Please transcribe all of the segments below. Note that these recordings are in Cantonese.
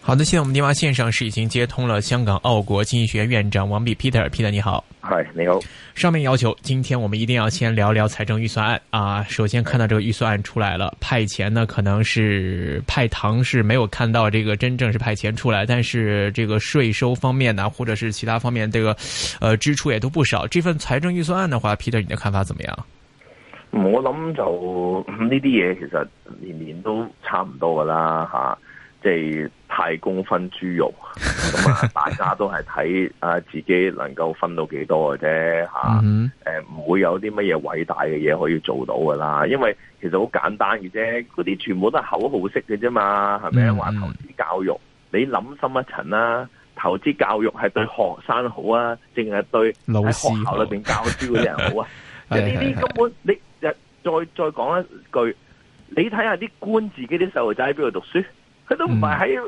好的，現在我們電話線上是已經接通了香港澳國經濟學院院長王弼 Peter，Peter 你好 Hi 你好。你好，上面要求今天我們一定要先聊聊財政預算案啊。首先看到這個預算案出來了，派錢呢可能是派糖，是沒有看到這個真正是派錢出來，但是這個稅收方面呢、啊，或者是其他方面這個，呃，支出也都不少。這份財政預算案的話，Peter 你的看法怎麼樣？我諗就呢啲嘢其實年年都差唔多㗎啦，吓。即係太公分豬肉，咁啊，大家都係睇啊自己能夠分到幾多嘅啫吓，誒、 啊，唔會有啲乜嘢偉大嘅嘢可以做到噶啦，因為其實好簡單嘅啫，嗰啲全部都係口號式嘅啫嘛，係咪啊？話 投資教育，你諗深一層啦，投資教育係對學生好啊，定係對喺學校裏邊教書嗰啲人好啊，即係呢啲根本 你再再講一句，你睇下啲官自己啲細路仔喺邊度讀書？佢都唔係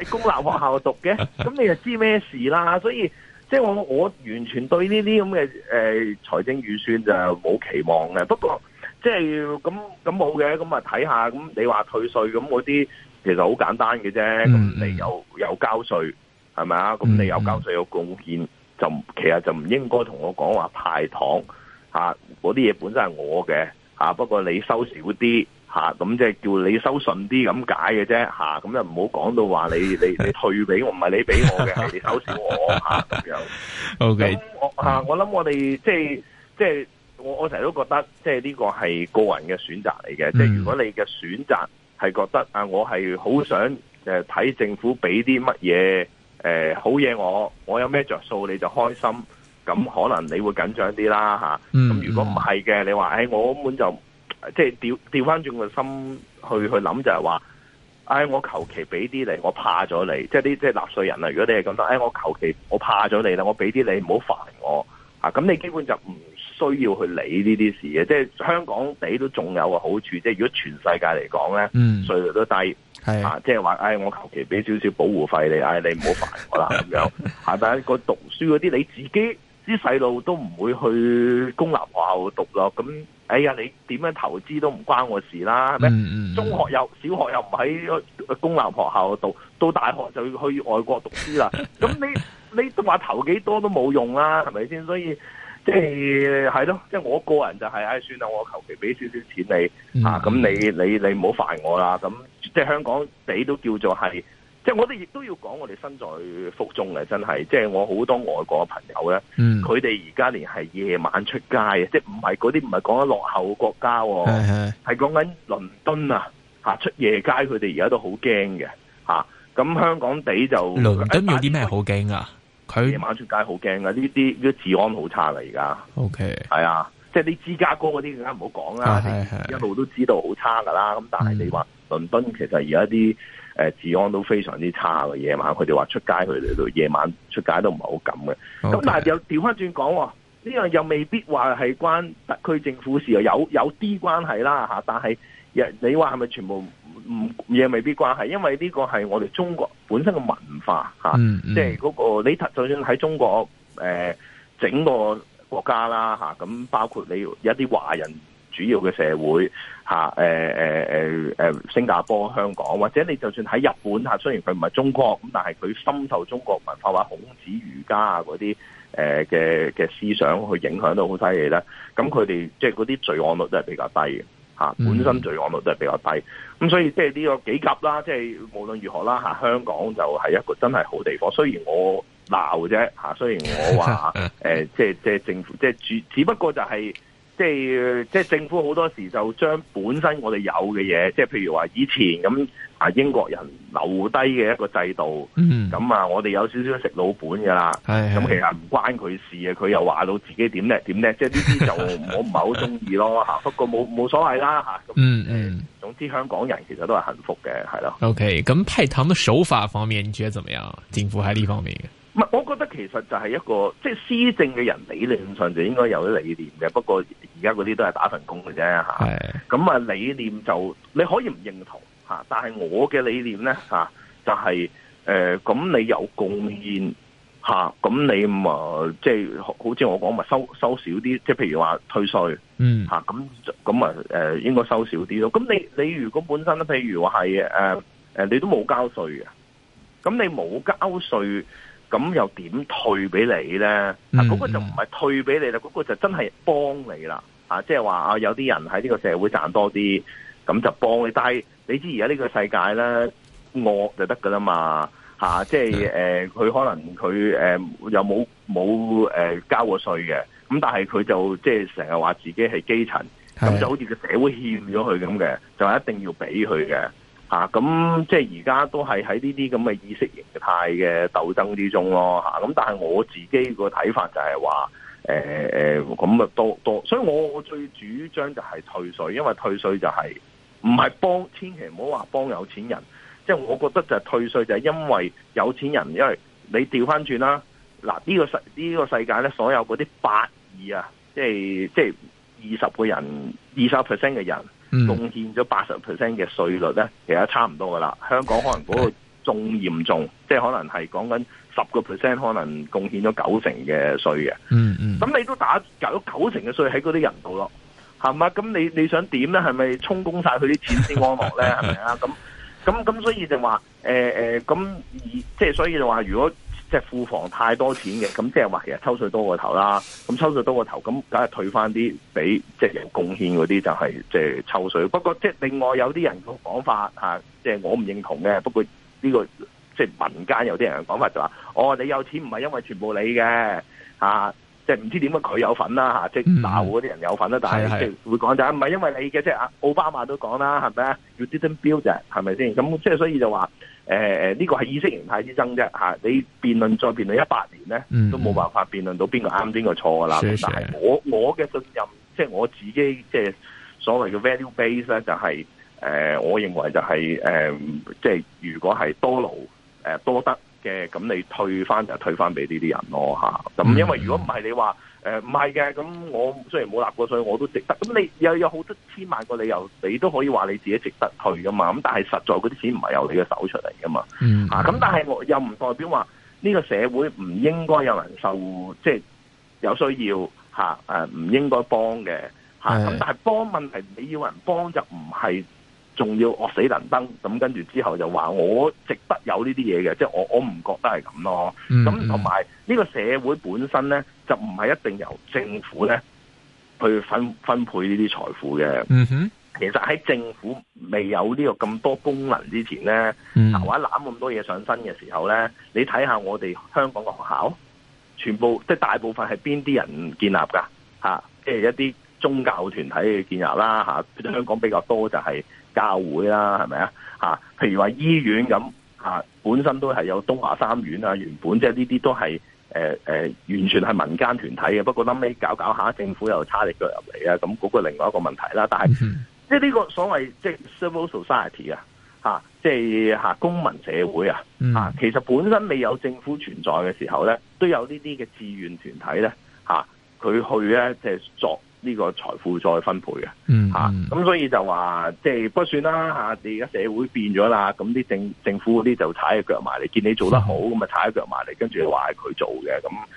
喺公立學校讀嘅，咁 你又知咩事啦？所以即係我我完全對呢啲咁嘅誒財政預算就冇期望嘅。不過即係咁咁冇嘅，咁啊睇下。咁你話退稅咁嗰啲其實好簡單嘅啫。咁你有有交稅係咪啊？咁你有交稅有貢獻，就其實就唔應該同我講話派糖吓。嗰啲嘢本身係我嘅吓，啊，不過你收少啲。吓，咁即係叫你收順啲咁解嘅啫，吓、啊、咁就唔好講到話你你你退俾我，唔係你俾我嘅係 你收少我吓咁樣。 啊、o Okay . K，我啊，我諗我哋即係即係，我我成日都覺得即係呢個係個人嘅選擇嚟嘅。即係、嗯、如果你嘅選擇係覺得啊，我係好想誒睇、啊、政府俾啲乜嘢誒好嘢，我我有咩着數你就開心，咁可能你會緊張啲啦吓。咁、啊、如果唔係嘅，你話誒、哎、我根本就。即係調調翻轉個心去去諗，就係話，唉，我求其俾啲你，我怕咗你，即係啲即係納稅人啊！如果你係咁得，唉，我求其我怕咗你啦，我俾啲你，唔好煩我啊，咁你基本就唔需要去理呢啲事嘅。即係香港地都仲有個好處，即係如果全世界嚟講咧，嗯，稅率都低，係啊，即係話，唉，我求其俾少少保護費你，唉，你唔好煩我啦，咁樣，但係個讀書嗰啲你自己。啲細路都唔會去公立學校讀咯，咁哎呀，你點樣投資都唔關我事啦，係咪？嗯，中學又小學又唔喺公立學校讀，到大學就要去外國讀書啦，咁你你都話投幾多都冇用啦，係咪先？所以即係係咯，即係我個人就係，唉，算啦，我求其俾少少錢你啊，咁你你你唔好煩我啦，咁即係香港地都叫做係。即係我哋亦都要講，我哋身在福中嘅真係。即係我好多外國嘅朋友咧，嗯，佢哋而家連係夜晚出街，即係唔係嗰啲唔係講緊落後國家，係講緊倫敦啊嚇，出夜街，佢哋而家都好驚嘅嚇。咁香港地就倫敦有啲咩好驚啊？佢夜晚出街好驚 Okay. 啊，呢啲啲治安好差啦而家。OK，係啊。即係你芝加哥嗰啲更加唔好講啦，啊、一路都知道好差噶啦。咁是是 但係你話倫敦其實而家啲誒治安都非常之差嘅夜晚，佢哋話出街佢哋到夜晚出街都唔係好敢嘅。咁 Okay 但係又調翻轉講呢樣又未必話係關特區政府事，有有啲關係啦嚇。但係亦你話係咪全部唔嘢未必關係？因為呢個係我哋中國本身嘅文化嚇，即係嗰個你就算喺中國誒、呃、整個。國家啦，吓咁包括你有一啲華人主要嘅社會吓，誒誒誒誒，新加坡、香港或者你就算喺日本吓，雖然佢唔係中國咁，但係佢深受中國文化，話孔子瑜伽、儒家啊嗰啲誒嘅嘅思想去影響到好犀利啦。咁佢哋即係嗰啲罪案率都係比較低嘅吓，啊，本身罪案率都係比較低。咁、嗯、所以即係呢個幾級啦，即係無論如何啦吓，香港就係一個真係好地方。雖然我。鬧啫吓，雖然我話誒、呃，即係即係政府，即係主，只不過就係、是、即係即係政府好多時就將本身我哋有嘅嘢，即係譬如話以前咁啊、嗯、英國人留低嘅一個制度，咁、嗯、啊、嗯、我哋有少少食老本噶啦，咁、哎、呀其實唔關佢事嘅，佢又話到自己點叻點叻，即係呢啲就我唔係好中意咯吓，不過冇冇所謂啦吓，咁嗯，嗯，總之香港人其實都係幸福嘅係咯。OK，咁派糖嘅手法方面，你覺得怎麼樣？政府喺呢方面？我覺得其實就係一個即係施政嘅人，理論上就應該有啲理念嘅。不過而家嗰啲都係打份工嘅啫嚇。咁是啊，理念就你可以唔認同嚇，但係我嘅理念咧嚇、啊，就係、是、誒，咁、呃、你有貢獻嚇，咁、啊、你咪即係好似我講咪收收少啲，即係譬如話退稅嗯嚇，咁咁啊誒、呃，應該收少啲咯。咁你你如果本身咧，譬如話係誒誒，你都冇交稅嘅，咁你冇交稅，咁又點退俾你咧？嗱、嗯，嗰、啊嗰個就唔係退俾你啦，嗰、嗰個就真係幫你啦。即係話啊，有啲人喺呢個社會賺多啲，咁就幫你。但係你知而家呢個世界咧，惡就得噶啦嘛。即係誒，佢、即係呃、可能佢誒、呃、又冇冇誒交過稅嘅，咁但係佢就即係成日話自己係基層，咁就好似個社會欠咗佢咁嘅，就係、一定要俾佢嘅。啊，咁即係而家都係喺呢啲咁嘅意識形態嘅鬥爭之中咯，嚇！咁但係我自己個睇法就係話，誒誒咁啊多多，所以我我最主張就係退稅，因為退稅就係唔係幫，千祈唔好話幫有錢人，即係我覺得就係退稅就係因為有錢人，因為你調翻轉啦，嗱呢個世呢個世界咧，所有嗰啲八二啊，即係即係二十個人，二十 percent 嘅人。貢獻咗八十 percent 嘅稅率咧，其實差唔多噶啦。香港可能嗰個仲嚴重， 即係可能係講緊十個 percent，可能貢獻咗九成嘅稅嘅。嗯嗯，咁你都打搞咗九成嘅稅喺嗰啲人度咯，係嘛？咁你你想點咧？係咪充公晒佢啲錢先安樂咧？係咪啊？咁咁咁，所以就話誒誒，咁、呃呃呃、即係所以就話如果。即係庫房太多錢嘅，咁即係話其實抽稅多過頭啦。咁抽稅多過頭，咁梗係退翻啲俾即係有貢獻嗰啲，就係即係抽稅。不過即係另外有啲人嘅講法即係、啊即係、我唔認同嘅。不過呢、呢個即係、即係、民間有啲人嘅講法就話、是：哦，你有錢唔係因為全部你嘅即係唔知點解佢有份啦即係大戶嗰啲人有份啦。嗯、但係會講就係唔係因為你嘅，即、就、係、是、阿奧巴馬都講啦，係咪啊？You didn't build，係咪先？咁即係所以就話。誒誒，呢、呃這個係意識形態之爭啫嚇、啊，你辯論再辯論一百年咧，都冇辦法辯論到邊個啱邊個錯噶啦。嗯、但係我我嘅信任，即係我自己，即係所謂嘅 value base 咧、就是，就係誒，我認為就係、是、誒、呃，即係如果係多勞誒、呃、多得。嘅咁你退翻就退翻俾呢啲人咯嚇，咁，因為如果唔係你話唔係嘅，咁，呃、我雖然冇納過稅，所以我都值得。咁你又有好多千萬個理由，你都可以話你自己值得退噶嘛。咁但係實在嗰啲錢唔係由你嘅手出嚟噶嘛。咁、嗯啊、但係我又唔代表話呢、呢個社會唔應該有人受即係、就是、有需要唔、啊啊、應該幫嘅，咁、啊、但係幫問題你要人幫就唔係仲要惡死能登，咁跟住之後就話我值得有呢啲嘢嘅，即係我我唔覺得係咁咯。咁同埋呢個社會本身咧，就唔係一定由政府咧去分分配呢啲財富嘅。哼、mm，hmm. 其實喺政府未有呢個咁多功能之前咧，嗱、mm，揦攬咁多嘢上身嘅時候咧，你睇下我哋香港嘅學校，全部即係大部分係邊啲人建立噶？即、啊、係一啲宗教團體去建立啦、啊。香港比較多就係、是。教會啦，係咪啊？吓，譬如話醫院咁吓，本身都係有東華三院啊，原本即係呢啲都係誒誒，完全係民間團體嘅。不過後尾搞搞下，政府又插隻腳入嚟啊，咁、那、嗰個另外一個問題啦。但係、mm hmm. 即係呢個所謂即係 civil society 啊，即係公民社會啊，mm hmm. 其實本身未有政府存在嘅時候咧，都有呢啲嘅志願團體咧佢、啊、去咧即係作。呢個財富再分配嘅，吓、嗯嗯啊，咁所以就話即係不算啦吓，而家社會變咗啦，咁啲政政府嗰啲就踩一腳埋嚟，見你做得好咁啊，踩一腳埋嚟，跟住話係佢做嘅咁。嗯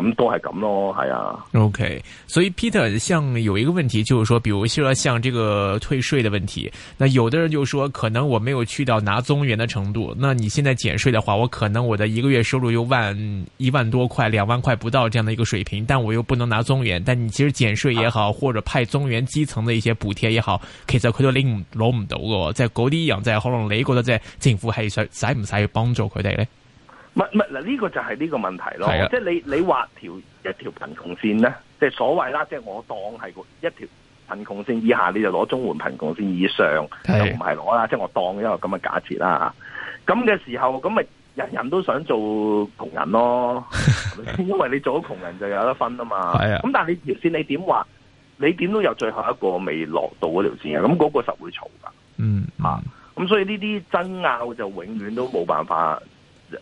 咁都係咁咯，係啊。OK，所以 Peter，像有一個問題，就是說，比如說像這個退稅的問題，那有的人就說，可能我沒有去到拿綜援的程度，那你現在減稅的話，我可能我的一個月收入又萬一萬多塊，兩萬塊不到這樣的一個水平，但我又不能拿綜援，但你其實減稅也好，啊、或者派綜援基層的一些補貼也好，可以在佢哋拎唔到嘅，在狗地養在喉嚨雷國的在政府係需使唔使幫助佢哋咧？唔唔嗱，呢、這個就係呢個問題咯。的即係你你畫條一條貧窮線咧，即係所謂啦，即係我當係一條貧窮線以下，你就攞綜援，貧窮線以上，的就唔係攞啦。即係我當一個咁嘅假設啦。咁嘅時候，咁咪人人都想做窮人咯， 因為你做咗窮人就有得分啊嘛。咁的但係你條線你點畫？你點都有最後一個未落到嗰條線啊！咁、那、嗰個實會嘈噶、嗯。嗯，咁、啊、所以呢啲爭拗就永遠都冇辦法。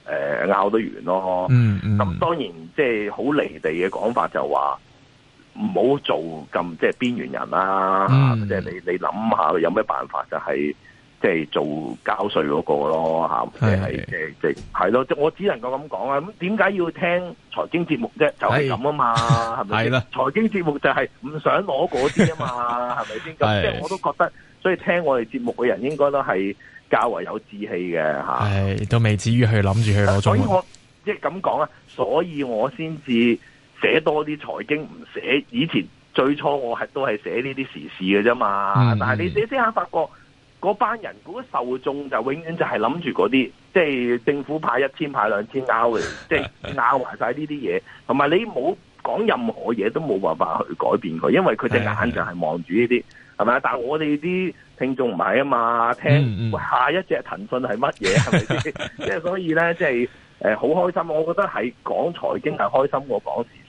誒，拗得完咯。咁、嗯嗯，當然，即係好離地嘅講法就話，唔好做咁即係邊緣人啦。即係、嗯、你你諗下，有咩辦法就係即係做交稅嗰個咯吓。即係即係即係係咯。即我只能夠咁講啊。咁點解要聽財經節目啫？就係咁啊嘛，係咪先？財經節目就係唔想攞嗰啲啊嘛，係咪先？咁即係我都覺得，所以聽我哋節目嘅人應該都係。較為有志氣嘅吓，係都未至於去諗住去攞。所以我即係咁講啊，所以我先至寫多啲財經，唔寫以前。最初我係都係寫呢啲時事嘅啫嘛。嗯、但係你你寫下發覺，嗰班人估受眾就永遠就係諗住嗰啲，即係政府派一千派兩千拗嘅， 即係拗埋晒呢啲嘢。同埋 你冇講任何嘢都冇辦法去改變佢，因為佢隻眼就係望住呢啲。 係咪啊？但係我哋啲聽眾唔係啊嘛，聽嗯嗯下一隻騰訊係乜嘢，係咪先？即係所以咧，即係誒好開心。我覺得係講財經係開心過講。我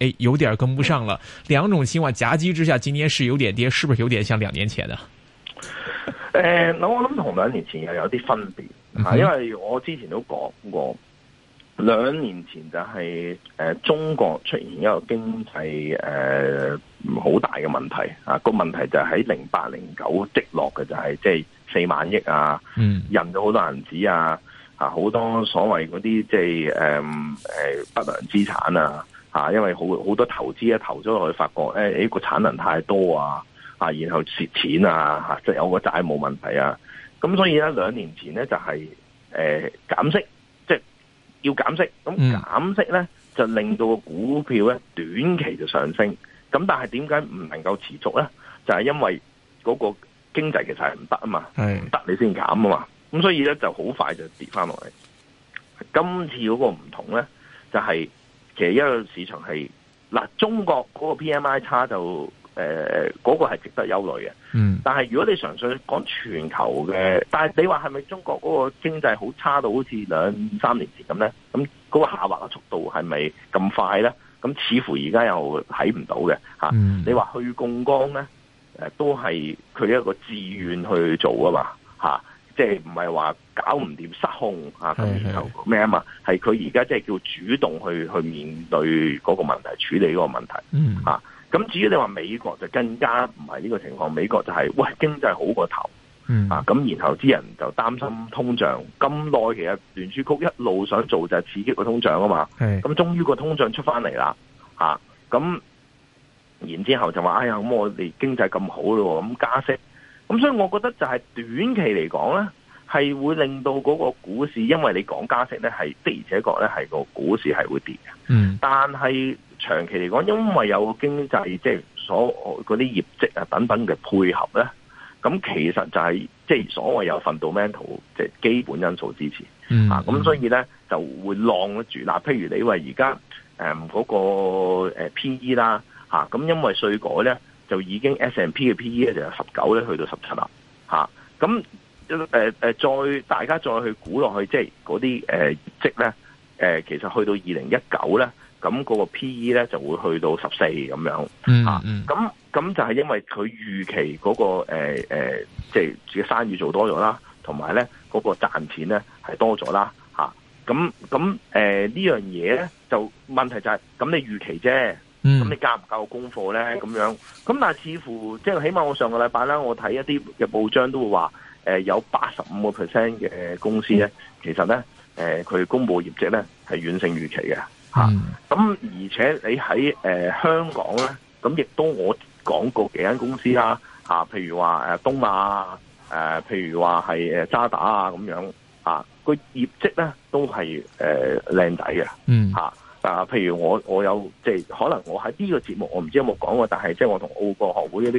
誒，有點跟不上了。兩種情況夾擊之下，今天是有點跌，是不是有點像兩年前啊？誒、呃，我諗同兩年前又有啲分別吓，因為我之前都講過，兩年前就係、是、誒、呃、中國出現一個經濟誒好、呃、大嘅問題啊，個問題就喺零八零九積落嘅，就係即係四萬億啊，嗯印咗好多銀紙啊，啊好多所謂嗰啲即係誒誒不良資產啊。啊，因為好好多投資咧，投咗落去，發覺誒，呢、哎這個產能太多啊，啊，然後蝕錢啊，吓、啊，即係有個債冇問題啊。咁所以咧，兩年前咧就係誒減息，即係要減息。咁減息咧就令到個股票咧短期就上升。咁但係點解唔能夠持續咧？就係、是、因為嗰個經濟其實係唔得啊嘛，唔得是的 你先減啊嘛。咁所以咧就好快就跌翻落嚟。今次嗰個唔同咧，就係、是。嘅一個市場係嗱，中國嗰個 PMI 差就誒，嗰、呃那個係值得憂慮嘅。嗯，但係如果你純粹講全球嘅，但係你話係咪中國嗰個經濟好差到好似兩三年前咁咧？咁、那、嗰個下滑嘅速度係咪咁快咧？咁似乎而家又睇唔到嘅嚇。啊嗯、你話去槓桿咧誒，都係佢一個自願去做的嘛啊嘛嚇。即係唔係話搞唔掂失控啊，然後咩啊嘛？係佢而家即係叫主動去去面對嗰個問題，處理嗰個問題。嗯，啊，咁至於你話美國就更加唔係呢個情況，美國就係、是、喂經濟好過頭，嗯、啊，咁然後啲人就擔心通脹。咁耐其實聯儲局一路想做就係刺激通脹是是、啊、個通脹啊嘛。咁終於個通脹出翻嚟啦，吓咁，然之後就話哎呀，咁我哋經濟咁好咯，咁加息。咁所以，我覺得就係短期嚟講咧，係會令到嗰個股市，因為你講加息咧，係的而且確咧係個股市係會跌嘅。嗯。但係長期嚟講，因為有經濟即係、就是、所嗰啲業績啊等等嘅配合咧，咁其實就係即係所謂有 fundamental 即係基本因素支持。嗯嗯、啊，咁所以咧就會浪得住。嗱，譬如你話而家誒嗰個誒 P E 啦，吓，咁，因為稅改咧。就已經 S&P 嘅 PE 咧就由十九咧，去到十七啦，吓咁誒誒，再大家再去估落去，即係嗰啲誒業績咧，誒、呃呃、其實去到二零一九咧，咁、那、嗰個 PE 咧就會去到十四咁樣，吓咁咁就係因為佢預期嗰、那個誒誒、呃呃，即係自己生意做多咗啦，同埋咧嗰個賺錢咧係多咗啦，吓咁咁誒呢樣嘢咧就問題就係、是、咁你預期啫。咁、嗯、你夠唔夠功課咧？咁樣咁但係似乎即係起碼我上個禮拜咧，我睇一啲嘅報章都會話，誒、呃、有八十五個 percent 嘅公司咧，嗯、其實咧，誒、呃、佢公佈業績咧係遠勝預期嘅吓。咁、啊、而且你喺誒、呃、香港咧，咁亦都我講過幾間公司啦，吓、啊、譬如話誒東亞，誒、呃、譬如話係誒渣打啊咁樣啊，個業績咧都係誒靚仔嘅吓。呃帥帥啊，譬如我我有即係可能我喺呢個節目，我唔知有冇講過，但係即係我同奧國學會嘅一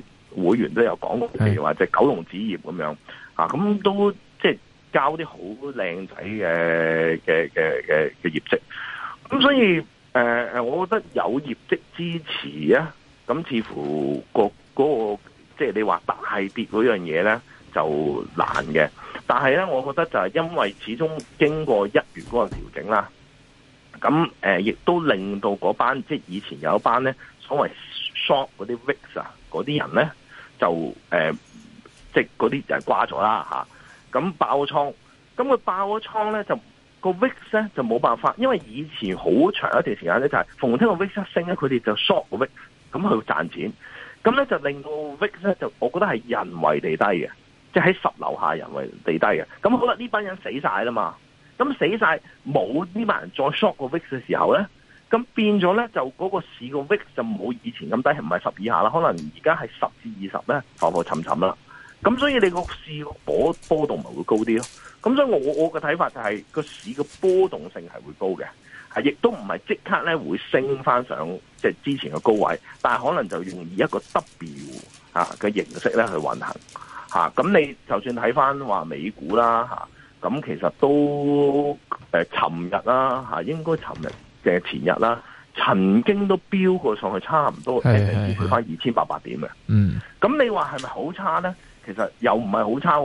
啲會員都有講，譬如話即係玖龍紙業，咁樣啊，咁都即係交啲好靚仔嘅嘅嘅嘅嘅業績。咁、嗯、所以誒誒、呃，我覺得有業績支持啊，咁似乎個嗰、嗰個即係你話大跌嗰樣嘢咧就難嘅。但係咧，我覺得就係因為始終經過一月嗰個調整啦。咁誒，亦、呃、都令到嗰班即係以前有一班咧，所謂 short 嗰啲 vix 啊，嗰啲人咧就誒，即係嗰啲人瓜咗啦吓，咁爆倉，咁佢爆咗倉咧，就、個 vix 咧就冇辦法，因為以前好長一段時間咧就係、是、逢聽個 vix 升咧，佢哋就 short 個 vix，咁去賺錢。咁咧就令到 vix 咧就，我覺得係人為地低嘅，即係喺十樓下人為地低嘅。咁好啦，呢班人死晒啦嘛。咁死晒，冇呢班人再 shock 個 Vix 嘅時候咧，咁變咗咧就嗰個市個 Vix 就冇以前咁低，唔係十以下啦，可能而家係十至二十咧浮浮沉沉啦。咁所以你個市個波波動咪會高啲咯。咁所以我我嘅睇法就係、是、個市嘅波動性係會高嘅，亦都唔係即刻咧會升翻上即係之前嘅高位，但係可能就用以一個 W 啊嘅形式咧去運行嚇。咁你就算睇翻話美股啦嚇。咁其實都誒，尋、呃、日啦嚇，應該尋日嘅、呃、前日啦，曾經都飆過上去差唔多，要去返二千八百點嘅。嗯，咁你話係咪好差咧？其實又唔係好差、啊。